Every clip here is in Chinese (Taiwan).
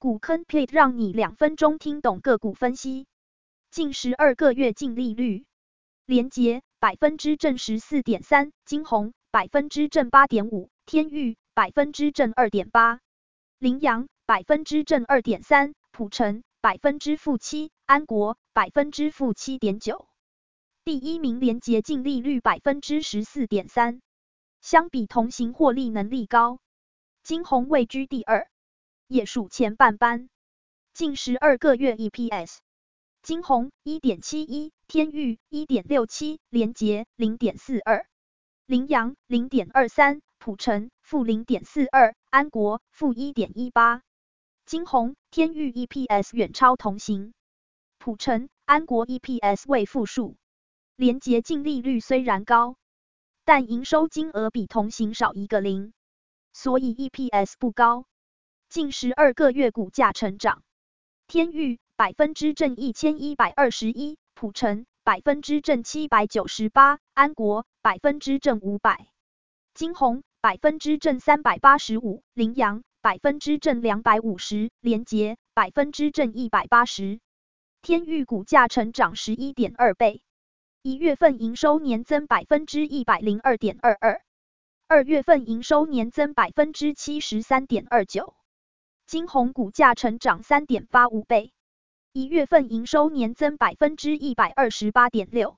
股坑 plate 讓你兩分鐘聽懂個股分析。近十二個月淨利率，聯傑百分之正十四點三，晶宏百分之正八點五，天鈺百分之正二點八，凌陽百分之正二點三，普誠百分之負七，安國百分之負七點九。第一名聯傑淨利率百分之十四點三，相比同行獲利能力高。晶宏位居第二。也數前半班，近十二個月 EPS，晶宏一點七一，天鈺一點六七，聯傑零點四二，凌陽零點二三，普誠負零點四二，安國負一點一八。晶宏、天鈺 EPS 遠超同行，普誠、安國 EPS 為負數。聯傑淨利率雖然高，但營收金額比同行少一個零，所以 EPS 不高。近十二個月股價成長，天鈺百分之正一千一百二十一，普誠百分之正七百九十八，安國百分之正五百，晶宏百分之正三百八十五，凌陽百分之正兩百五十，聯傑百分之正一百八十。天鈺股價成長十一點二倍，一月份營收年增百分之一百零二點二二，二月份營收年增百分之七十三點二九。金紅股價成長三點八五倍，一月份營收年增百分之一百二十八點六，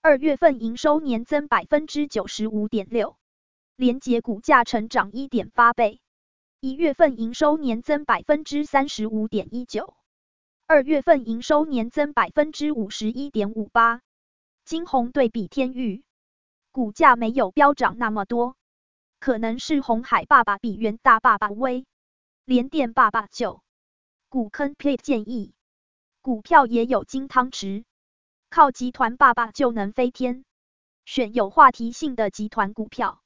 二月份營收年增百分之九十五點六。聯傑股價成長一點八倍，一月份營收年增百分之三十五點一九，二月份營收年增百分之五十一點五八。晶宏對比天鈺，股價沒有飆漲那麼多，可能是鴻海爸爸比元大爸爸威。連電爸爸就，股坑 plate 建議，股票也有金湯匙，靠集團爸爸就能飛天，選有話題性的集團股票。